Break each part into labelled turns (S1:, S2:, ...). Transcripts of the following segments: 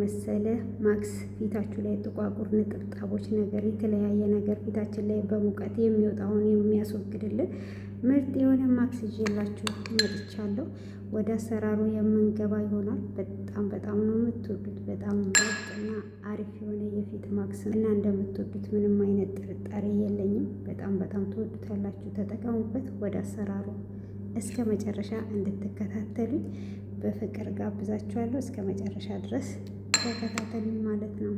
S1: መሰለ ማክስ ፊታችሁ ላይ ጥቋቁር ንጥብጣቦች ነገር የተለያየ ነገር ፊታችን ላይ በሙቀት የሚወጣውን የሚያስወግድልን ምርጥ የሆነ ማክስ ይዤላችሁ መጥቻለሁ። ወደ አሰራሩ የምንገባ ይሆናል። በጣም በጣም ነው የምትወዱት። በጣም ምርጥና አሪፍ የሆነ የፊት ማክስ እና እንደምትወዱት ምንም አይነት ጥርጣሬ የለኝም። በጣም በጣም ትወዱታላችሁ። ተጠቀሙበት። ወደ አሰራሩ እስከ መጨረሻ እንድትከታተሉኝ በፍቅር ጋብዛችኋለሁ። እስከ መጨረሻ ድረስ ተከታተሉኝ ማለት ነው።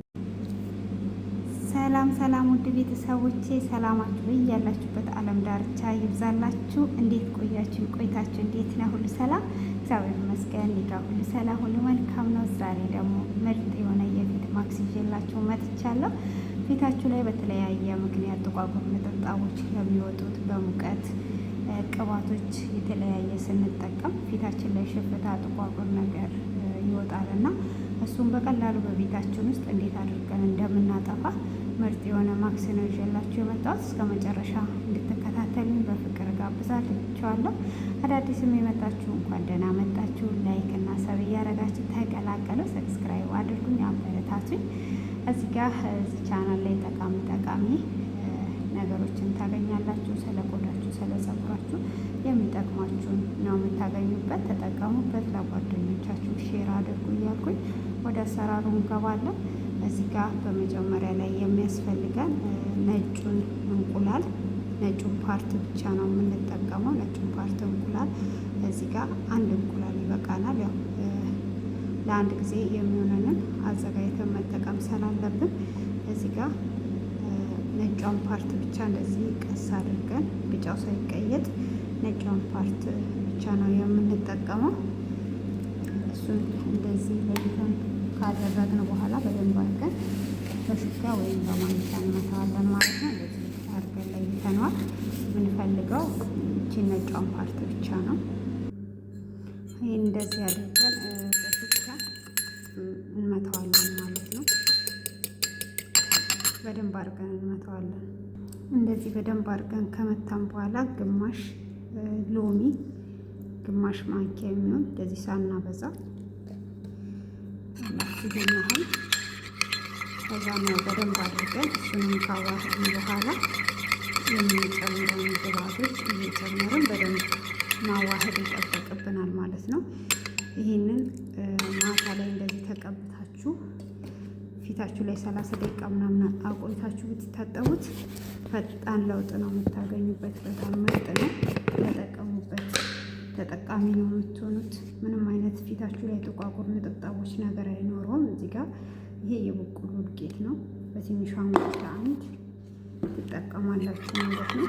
S1: ሰላም ሰላም፣ ውድ ቤተሰቦቼ ሰላማችሁ በያላችሁበት ዓለም ዳርቻ ይብዛላችሁ። እንዴት ቆያችሁ? ቆይታችሁ እንዴት ነው? ሁሉ ሰላም እግዚአብሔር ይመስገን። እኔ ጋር ሁሉ ሰላም፣ ሁሉ መልካም ነው። ዛሬ ደግሞ ምርጥ የሆነ የፊት ማክስ ይዤላችሁ መጥቻለሁ። ፊታችሁ ላይ በተለያየ ምክንያት ጥቋቁር ነጠብጣቦች ለሚወጡት በሙቀት ቅባቶች የተለያየ ስንጠቀም ፊታችን ላይ ሽፍታ ጥቋቁር ነገር ይወጣል እና እሱም በቀላሉ በቤታችን ውስጥ እንዴት አድርገን እንደምናጠፋ ምርጥ የሆነ ማክስ ነው ይዤላችሁ የመጣሁት። እስከ መጨረሻ እንድትከታተሉኝ በፍቅር ጋብዛችኋለሁ። አዳዲስም የመጣችሁ እንኳን ደህና መጣችሁ። ላይክ እና ሰብ እያደረጋችሁ ተቀላቀሉ። ሰብስክራይብ አድርጉኝ፣ አበረታቱኝ። እዚህ ጋር እዚህ ቻናል ላይ ጠቃሚ ጠቃሚ ነገሮችን ታገኛላችሁ። ስለ ቆዳችሁ፣ ስለ ጸጉራችሁ የሚጠቅማችሁን ነው የምታገኙበት። ተጠቀሙበት። ለጓደኞቻችሁ ሼር አድርጉ እያልኩኝ ወደ አሰራሩ እንገባለን። እዚህ ጋር በመጀመሪያ ላይ የሚያስፈልገን ነጩን እንቁላል ነጩን ፓርት ብቻ ነው የምንጠቀመው። ነጩን ፓርት እንቁላል እዚህ ጋር አንድ እንቁላል ይበቃናል። ያው ለአንድ ጊዜ የሚሆነንን አዘጋጅተን መጠቀም ስላለብን እዚህ ጋር ነጫውን ፓርት ብቻ እንደዚህ ቀስ አድርገን ቢጫው ሳይቀየጥ ነጫውን ፓርት ብቻ ነው የምንጠቀመው። እሱን እንደዚህ ለይተን ካደረግን በኋላ በደንብ አድርገን በሹካ ወይም በማንኪያ እንመታዋለን ማለት ነው። እንደዚህ አድርገን ለይተነዋል። የምንፈልገው እቺ ነጫውን ፓርት ብቻ ነው። ይህ እንደዚህ አድርገን በደንብ አድርገን እንመተዋለን። እንደዚህ በደንብ አድርገን ከመታን በኋላ ግማሽ ሎሚ ግማሽ ማንኪያ የሚሆን እንደዚህ ሳናበዛ ይህን ያህል ከዛ ነው በደንብ አድርገን እሱንም ካዋህድን በኋላ የምንጨምረውን ግብአቶች እየጨመርን በደንብ ማዋህድ ይጠበቅብናል ማለት ነው። ይህንን ማታ ላይ እንደዚህ ተቀብታችሁ ፊታችሁ ላይ ሰላሳ ደቂቃ ምናምን አቆይታችሁ ብትታጠቡት ፈጣን ለውጥ ነው የምታገኙበት። በጣም ምርጥ ነው፣ ተጠቀሙበት። ተጠቃሚ ነው የምትሆኑት። ምንም አይነት ፊታችሁ ላይ ጥቋቁር ነጠብጣቦች ነገር አይኖረውም። እዚህ ጋር ይሄ የበቆሎ ዱቄት ነው። በትንሿ ማታ አንድ ትጠቀማላችሁ ማለት ነው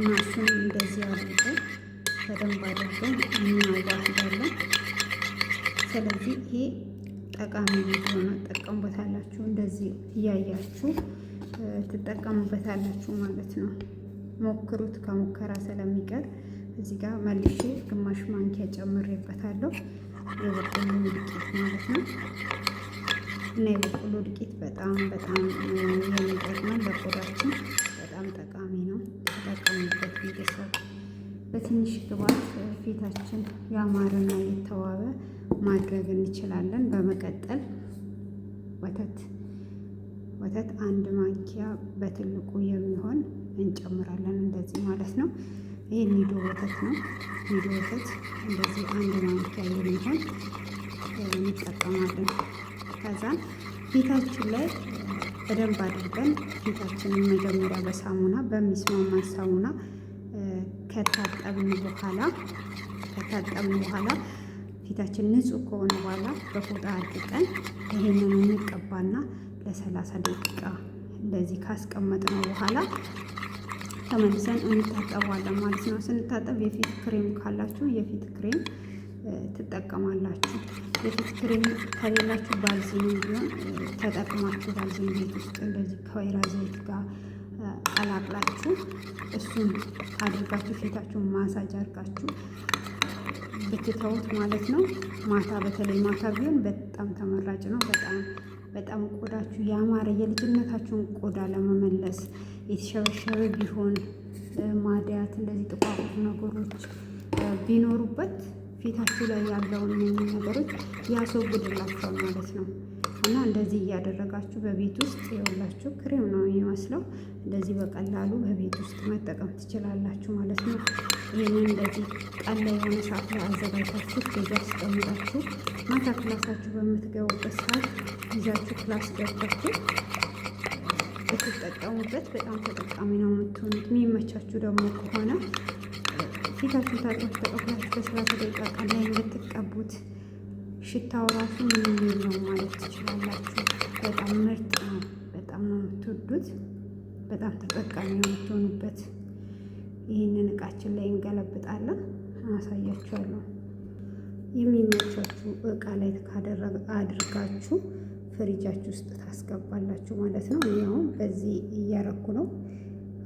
S1: እና እሱም እንደዚህ አድርገን በደንብ አድርገን እናዋህዳለን። ስለዚህ ይሄ ጠቃሚ ነው፣ ትጠቀሙበታላችሁ። እንደዚህ እያያችሁ ትጠቀሙበታላችሁ ማለት ነው። ሞክሩት፣ ከሙከራ ስለሚቀር እዚህ ጋር መልሼ ግማሽ ማንኪያ ጨምሬበታለሁ የበቆሎ ዱቄት ማለት ነው። እና የበቆሎ ዱቄት በጣም በጣም የሚጠቅመን ለቆዳችን በጣም ጠቃሚ ነው። ተጠቀሙበት ቤተሰብ። በትንሽ ግብዓት ፊታችን ያማረና የተዋበ ማድረግ እንችላለን። በመቀጠል ወተት ወተት አንድ ማንኪያ በትልቁ የሚሆን እንጨምራለን። እንደዚህ ማለት ነው። ይህ ኒዶ ወተት ነው። ኒዶ ወተት እንደዚህ አንድ ማንኪያ የሚሆን እንጠቀማለን። ከዛ ፊታችን ላይ በደንብ አድርገን ፊታችንን መጀመሪያ በሳሙና በሚስማማን ሳሙና ከታጠብን በኋላ ከታጠብን በኋላ ፊታችን ንጹህ ከሆነ በኋላ በፎጣ አድርቀን ይህንን እንቀባና ለሰላሳ ደቂቃ እንደዚህ ካስቀመጥነው በኋላ ተመልሰን እንታጠባለን ማለት ነው። ስንታጠብ የፊት ክሬም ካላችሁ የፊት ክሬም ትጠቀማላችሁ። የፊት ክሬም ከሌላችሁ ባልዚን ቢሆን ተጠቅማችሁ ባልዚን ቤት ውስጥ እንደዚህ ከወይራ ዘይት ጋር ቀላቅላችሁ እሱን አድርጋችሁ ፊታችሁን ማሳጅ አድርጋችሁ ብትተውት ማለት ነው። ማታ በተለይ ማታ ቢሆን በጣም ተመራጭ ነው። በጣም በጣም ቆዳችሁ ያማረ የልጅነታችሁን ቆዳ ለመመለስ የተሸበሸበ ቢሆን ማድያት፣ እንደዚህ ጥቋቁር ነገሮች ቢኖሩበት ፊታችሁ ላይ ያለውን ነገሮች ያስወግድላቸዋል ማለት ነው። አለባችሁ እና እንደዚህ እያደረጋችሁ በቤት ውስጥ የሁላችሁ ክሬም ነው የሚመስለው። እንደዚህ በቀላሉ በቤት ውስጥ መጠቀም ትችላላችሁ ማለት ነው። ይህንን እንደዚህ ቀላ የሆነ ሰዓት ላይ አዘጋጃችሁ ጊዜ አስቀምጣችሁ ማታ ክላሳችሁ በምትገቡበት ሰዓት ይዛችሁ ክላስ ገብታችሁ ብትጠቀሙበት በጣም ተጠቃሚ ነው የምትሆኑት። የሚመቻችሁ ደግሞ ከሆነ ፊታችሁ ታጥባችሁ ተቀብላችሁ በሰላሳ ደቂቃ ቀን ላይ ሽታው ራሱ ምን ነው ማለት ትችላላችሁ። በጣም ምርጥ ነው። በጣም ነው የምትወዱት። በጣም ተጠቃሚ የምትሆኑበት ይህንን እቃችን ላይ እንገለብጣለን፣ አሳያችኋለሁ። የሚመቻችሁ እቃ ላይ ካደረግ አድርጋችሁ ፍሪጃችሁ ውስጥ ታስገባላችሁ ማለት ነው። እኔ በዚህ እያረኩ ነው።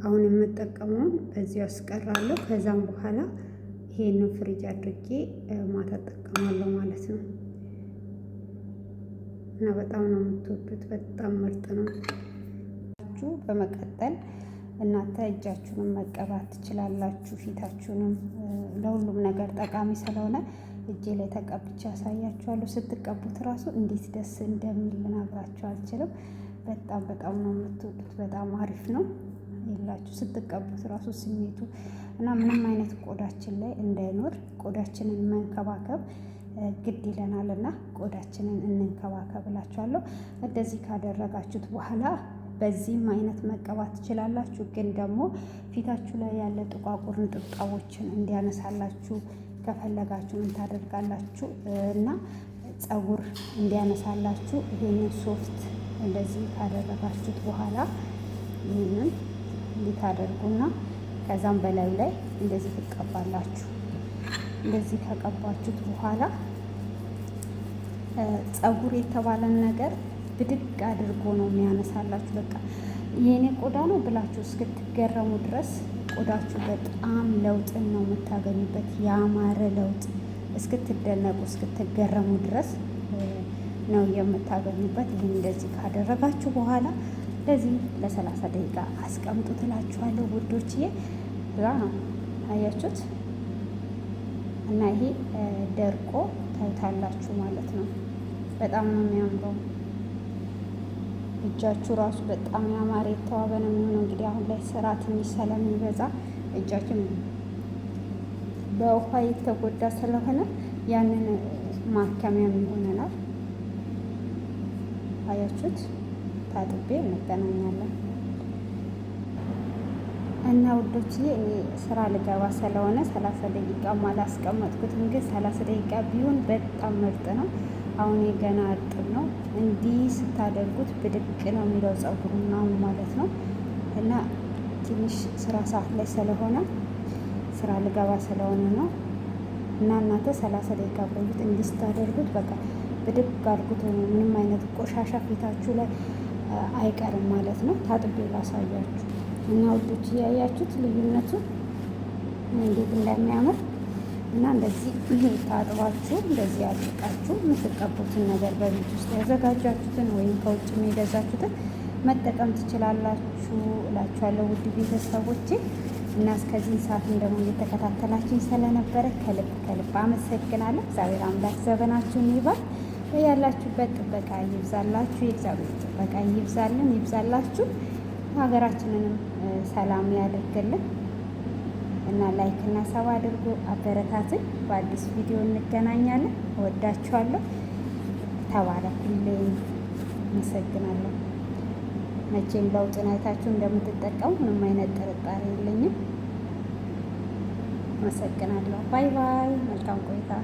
S1: አሁን የምጠቀመውን በዚህ አስቀራለሁ። ከዛም በኋላ ይሄንን ፍሪጅ አድርጌ ማታ እጠቀማለሁ ማለት ነው። እና በጣም ነው የምትወዱት። በጣም ምርጥ ነው። በመቀጠል እናንተ እጃችሁንም መቀባት ትችላላችሁ፣ ፊታችሁንም ለሁሉም ነገር ጠቃሚ ስለሆነ እጄ ላይ ተቀብቼ ያሳያችኋለሁ። ስትቀቡት እራሱ እንዴት ደስ እንደሚል ልነግራችሁ አልችልም። በጣም በጣም ነው የምትወዱት። በጣም አሪፍ ነው የላችሁ ስትቀቡት እራሱ ስሜቱ እና ምንም አይነት ቆዳችን ላይ እንዳይኖር ቆዳችንን መንከባከብ ግድ ይለናል እና ቆዳችንን እንንከባከብ እንደዚህ ካደረጋችሁት በኋላ በዚህም አይነት መቀባት ትችላላችሁ። ግን ደግሞ ፊታችሁ ላይ ያለ ጥቋቁር ንጥብጣቦችን እንዲያነሳላችሁ ከፈለጋችሁ ምን ታደርጋላችሁ እና ጸጉር እንዲያነሳላችሁ ይሄንን ሶፍት እንደዚህ ካደረጋችሁት በኋላ ይህንን እንዲታደርጉና ከዛም በላዩ ላይ እንደዚህ ትቀባላችሁ። እንደዚህ ከቀባችሁት በኋላ ጸጉር የተባለን ነገር ብድግ አድርጎ ነው የሚያነሳላችሁ። በቃ የእኔ ቆዳ ነው ብላችሁ እስክትገረሙ ድረስ ቆዳችሁ በጣም ለውጥን ነው የምታገኙበት። ያማረ ለውጥ እስክትደነቁ እስክትገረሙ ድረስ ነው የምታገኙበት። ይህን እንደዚህ ካደረጋችሁ በኋላ እንደዚህ ለሰላሳ ደቂቃ አስቀምጡ ትላችኋለሁ ውዶችዬ። እዛ አያችሁት። እና ይሄ ደርቆ ታይታላችሁ ማለት ነው። በጣም ነው የሚያምረው። እጃችሁ ራሱ በጣም ያማረ የተዋበ ነው የሚሆነው። እንግዲህ አሁን ላይ ስራ ትንሽ ስለሚበዛ እጃችን በውሃ የተጎዳ ስለሆነ ያንን ማከሚያ ይሆነናል። አያችሁት? ታጥቤ እንገናኛለን። እና ውዶችዬ እኔ ስራ ልገባ ስለሆነ ሰላሳ ደቂቃ አላስቀመጥኩትም፣ ግን ሰላሳ ደቂቃ ቢሆን በጣም ምርጥ ነው። አሁን የገና እርጥብ ነው። እንዲህ ስታደርጉት ብድቅ ነው የሚለው ጸጉሩ ምናምን ማለት ነው። እና ትንሽ ስራ ሰዓት ላይ ስለሆነ ስራ ልገባ ስለሆነ ነው። እና እናንተ ሰላሳ ደቂቃ ቆዩት። እንዲህ ስታደርጉት በቃ ብድቅ አድርጉት። ምንም አይነት ቆሻሻ ፊታችሁ ላይ አይቀርም ማለት ነው። ታጥቤ ላሳያችሁ እና ውዶች እያያችሁት ልዩነቱ እንዴት እንደሚያምር እና እንደዚህ ታጥባችሁ እንደዚህ አድርቃችሁ የምትቀቡትን ነገር በቤት ውስጥ ያዘጋጃችሁትን ወይም ከውጭ የገዛችሁትን መጠቀም ትችላላችሁ እላችኋለሁ ውድ ቤተሰቦቼ። እና እስከዚህን ሰዓትም ደግሞ እየተከታተላችሁኝ ስለነበረ ከልብ ከልብ አመሰግናለሁ። እግዚአብሔር አምላክ ዘበናችሁን ይባል፣ ያላችሁበት ጥበቃ ይብዛላችሁ፣ የእግዚአብሔር ጥበቃ ይብዛልን፣ ይብዛላችሁ ሀገራችንንም ሰላም ያደርግልን እና ላይክ እና ሰብ አድርጎ አበረታትን። በአዲስ ቪዲዮ እንገናኛለን። እወዳችኋለሁ። ተባረኩልኝ። አመሰግናለሁ። መቼም ለውጥ አይታችሁ እንደምትጠቀሙ ምንም አይነት ጥርጣሬ የለኝም። አመሰግናለሁ። ባይ ባይ። መልካም ቆይታ